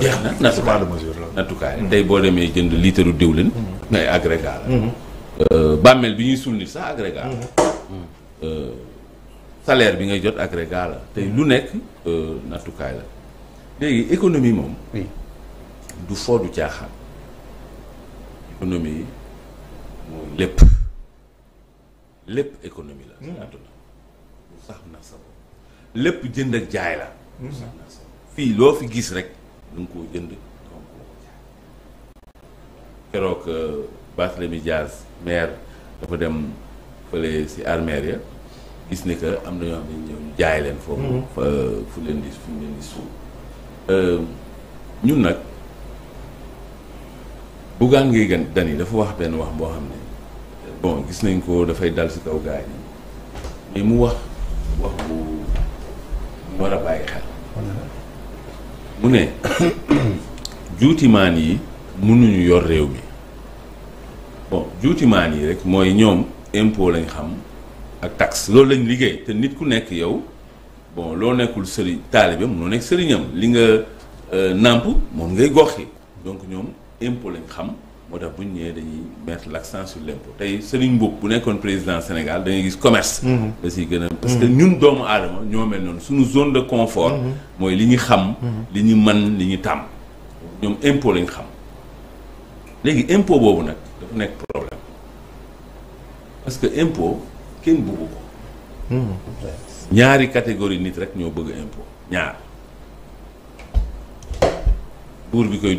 jeex na nattukaay de mesure la mm-hmm. tey boo demee jënd litre diwlin. Mm-hmm. ngay agrégat la. Mm-hmm. Euh, bàmmeel bi ñuy suul nit sax agrégat la. Euh, salaire bi ngay jot agrégat la tey lu nekk euh, nattukaay la léegi économie moom. du foo du caaxaan. économie yi lépp lépp économie la. lépp jënd ak jaay la. fii loo fi gis rek. da nga koo jënd donc keroog euh, Barthélemy Diaz maire dafa dem fële si armère ya gis ne que am na ñoo xam ne ñëw jaay leen foofu mhm. fu leen di fu leen di suul euh, ñun nag Bougane Gueye Dany dafa wax benn wax boo xam ne bon gis nañ ko dafay dal si kaw gaañ mais mu wax wax bu mu war a bàyyi xel mu ne juutimaan yi mënuñu yor réew mi bon juutimaan yi rek mooy ñoom impo lañ xam ak taxe loolu lañ liggéey te nit ku nekk yow bon loo nekkul sëriñ taalibe mënoo nekk sëriñam li nga euh, nàmp moom ngay gox yi donc ñoom impo lañ xam Je vais mettre l'accent sur l'impôt. c'est président Sénégal commerce. Mhm. Mhm. parce que ñun doomu confort. nous sommes dans une zone de confort. nous ce nous savons, nous impôt problème parce que impôt ko. Mhm. ñaari catégorie nit rek ñoo bëgg impôt ñaar qui koy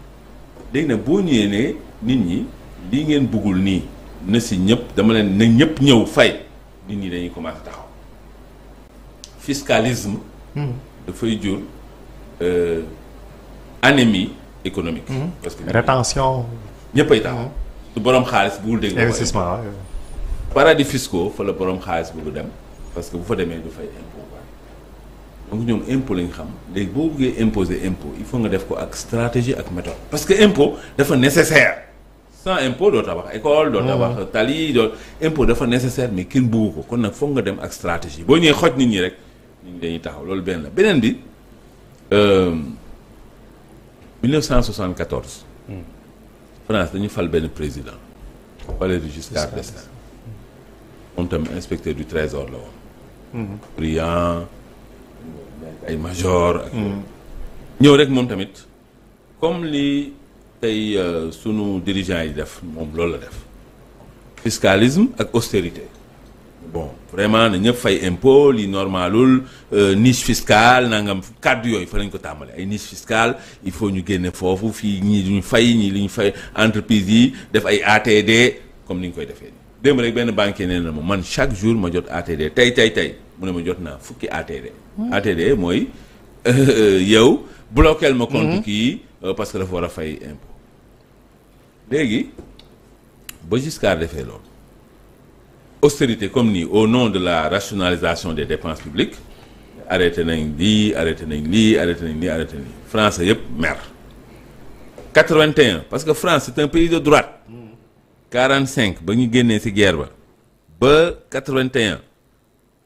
léegi nag boo ñëwee ne nit ñi lii ngeen bëggul nii na si ñëpp dama leen na ñëpp ñëw fay nit ñi dañuy commencé taxaw fiscalisme hmm. dafay jur euh, anémie économique hmm. parce que rétention ñëppay taxaw du hmm. boroom xaalis bugul dégg investissement paradis fiscaux fa la boroom xaalis bugg dem parce que bu fa demee du fay impôt donc ñoom impôt lañ il faut nga def ko stratégie ak méthode parce que impôt dafa nécessaire sans impôt doo tabax école doo tabax mm. tali impôt dafa nécessaire mais kenn ko kon nga dem stratégie boo ñëwee xoj nit ñi rek ñi dañuy taxaw benn la 1974 euh, mm. France dañu président Valéry Giscard d'Estaing inspecteur du trésor la mm-hmm ay major ak ñëw rek mom tamit comme li tay euh, sunu dirigeants yi def mom loolu la def fiscalisme ak austérité bon vraiment ne ñëpp fay impôt li normalul euh, niche fiscale nangam kàddu yoy fa lañ ko tambalé ay niche fiscale il faut ñu génne fofu fi ñi ñu fay ñi li ñu fay entreprise yi def ay ATD comme ni ñu koy défé dem rek ben banquier néna na man chaque jour ma jot ATD tay tay tay mu ne ma jot naa fukki ATD. ATD mooy euh, yow bloqueel ma compte mhm. kii euh, parce que dafa war a fay impôt léegi ba Giscard defee loolu austérité comme ni au nom de la rationalisation des dépenses publiques arrêté nañ lii arrêté nañ lii arrêté nañ lii arrêté nañ France yëpp mer 81 parce que France c'est un pays de droite 45 mm. ba ñu génnee ci guerre ba 81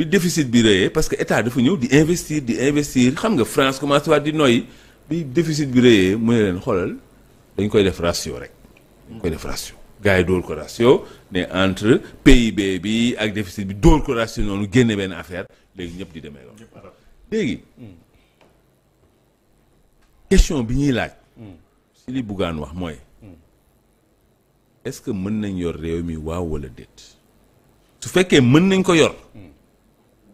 bi déficit bi rëyee parce que état dafa ñëw di investir di investir xam nga France commencé wa di noy bi déficit bi rëyee mu leen xolal dañ koy def ratio rek koy def ratio gaay door ko ratio ne entre PIB bi ak déficit bi door ko ratio nonu génne ben affaire léegi ñëpp di démé loolu léegi question bi ñuy laaj si li Bougane wax mooy est-ce que mën nañ yor réew mi waaw wala dette su fekkee mën nañ ko yor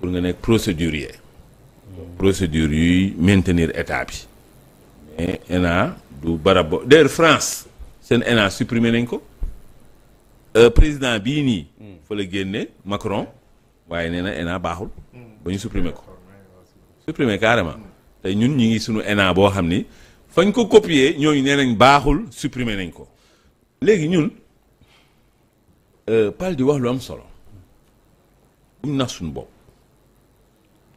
pour nga nek procédurier procédure yuy maintenir état bi mais ENA du barabo bo d'ailleurs France sen ENA supprimer nañ ko euh président bi ni fa la guenné Macron waaye néna na ENA baaxul ba ñu supprimer ko supprimer carrément tay ñun ñi ngi suñu ENA bo xamni fañ ko copier ñooñu nee nañ baaxul supprimer nañ ko légui ñun euh Paal di wax lu am solo bu mu nax suñu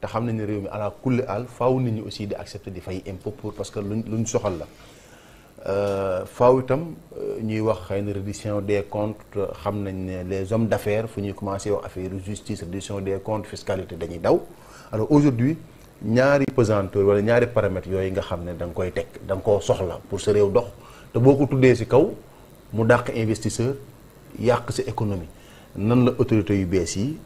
te xam nañ ne réew mi ala kulli al nit ñi aussi di accepter di fay impôt pour parce que luñ luñ soxal la euh, faaw itam euh, ñuy wax xëy na des comptes xam ne les hommes d'affaires fu ñuy commencé wax affaire justice reddition des comptes fiscalité dañuy daw alors aujourd'hui ñaari pesanteur wala ñaari paramètres yooyu nga xam ne da nga koy teg da nga soxla pour sa réew dox te boo ko tuddee ci kaw mu dàq investisseur yàq sa économie nan la autorité yu bees